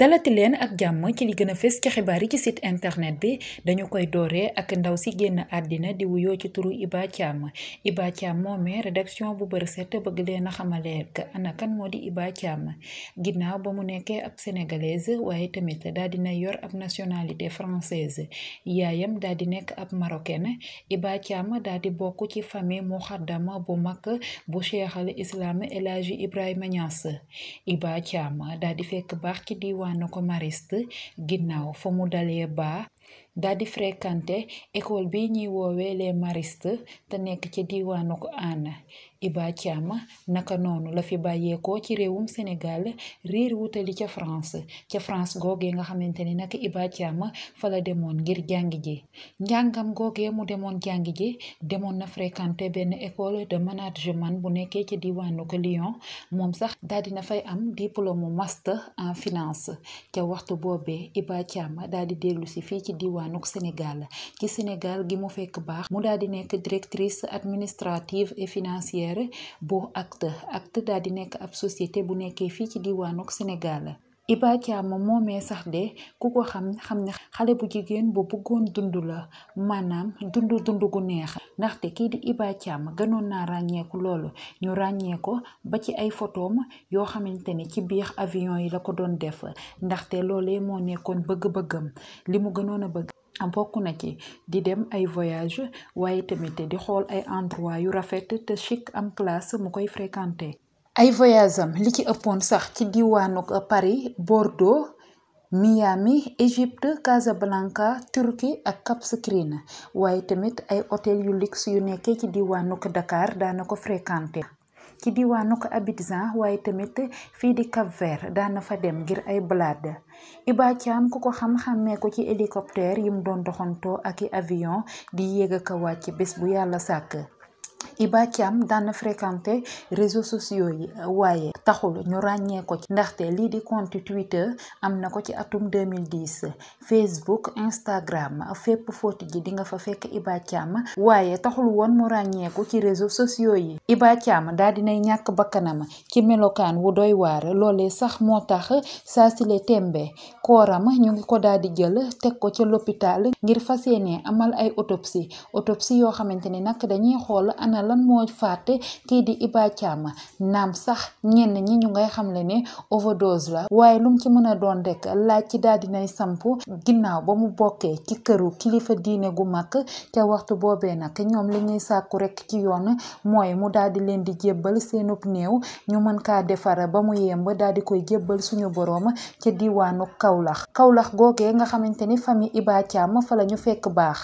dalati leen ak jàmm ci li gën a fës ci xibaar yi ci site internet bi dañu koy dooree ak ndaw si génn àddina di wuyoo ci turu Iba Thiam Iba Thiam moomee rédaction bu bër set bëgg leen a xamalee ana kan moo di Iba Thiam ginnaaw ba mu nekkee ab sénégalaise waaye tamit daal dina yor ab nationalité française yaayam daal di nekk ab marocaine Iba Thiam daal di bokk ci famille muxaddama bu mag bu Cheikh al Islam El Hadji Ibrahima Niass Iba di fekk baax ci waa na ko mariste ginnaaw fa mu dalee baa daal di fréquenté école bi ñuy woowee mariste te nekk ci diwaanu ko Anna Iba Thiam naka noonu la fi bàyyeekoo ci réewum Sénégal riir wutali ca France ca France googee nga xamante ni nag Iba Thiam fa la demoon ngir jàngi ji njàngam googee mu demoon jàngi ji demoon na fréquenté benn école de management bu nekkee ci diiwaanu ko Lyon moom sax dal dina fay am diplôme master en finance ca waxtu boobee Iba Thiam di dellu si fii ci diwaanuk Sénégal ci Sénégal gi mu fekk baax mu daal di nekk directrice administrative et financière bu acte acte daal di nekk ab société bu nekkee fii ci diwaanuk Sénégal Iba Thiam moomee sax de ku ko xam xam ne xale bu jigéen bu bëggoon dund la maanaam dund dund gu neex ndaxte kii di Iba Thiam gënoon naa ràññeeku loolu ñu ràññee ko ba ci ay photoom yoo xamante ne ci biir avion yi la ko doon def ndaxte loolee moo nekkoon bëgg-bëggam li mu gënoon a bëgg bokk na ci di dem ay voyage waaye tamit di xool ay endroit yu rafet te chic am classe mu koy fréquenter ay voyage li ci ëppoon sax ci diwaanu Paris Bordeaux Miami Égypte Casablanca Turquie ak Cap Skirring waaye tamit ay hôtel yu luxe yu nekkee ci diwaanuk Dakar daana ko fréquenté ci diwaanu ko waaye tamit fii di Cap-Vert daana fa dem ngir ay balade Iba ku ko xam-xammee ko ci hélicoptère yi doon doxantoo ak i avion di yéeg a ko wàcc bés bu yàlla sàkk Hiba Thiam daan fréquenté réseaux sociaux yi waaye taxul ñu ràññee ko ci ndaxte lii di compte Twitter am na ko ci atum 2010 Facebook Instagram fépp footi ji di nga fa fekk Hiba Thiam waaye taxul woon mu ràññeeku ci réseaux sociaux yi Hiba daal daa dinay ñàkk bakkanam ci melokaan wu doy waar loolee sax moo tax saa sile tembe kooram ñu ngi ko daal di jël teg ko ca l'hôpital ngir fa yéene amal ay autopsie autopsie yoo xamante ni nag dañuy xool ana lan moo fàtte kii di Iba Thiam naam sax ñenn ñi ñu ngay xamle ne overdose la waaye lu ci mën a doon rek laaj ci daal nay samp ginnaaw ba mu bokkee ki këru kilifa diine gu mag ca waxtu boobee nag ñoom li ñuy sàkku rekk ci yoon mooy mu daal di leen di jébbal seenub néew ñu mën kaa defar ba mu yemb daal di koy jébbal suñu boroom ca diwaanu Kaolack Kaolack googee nga xamante ni famille Iba fa lañu fekk baax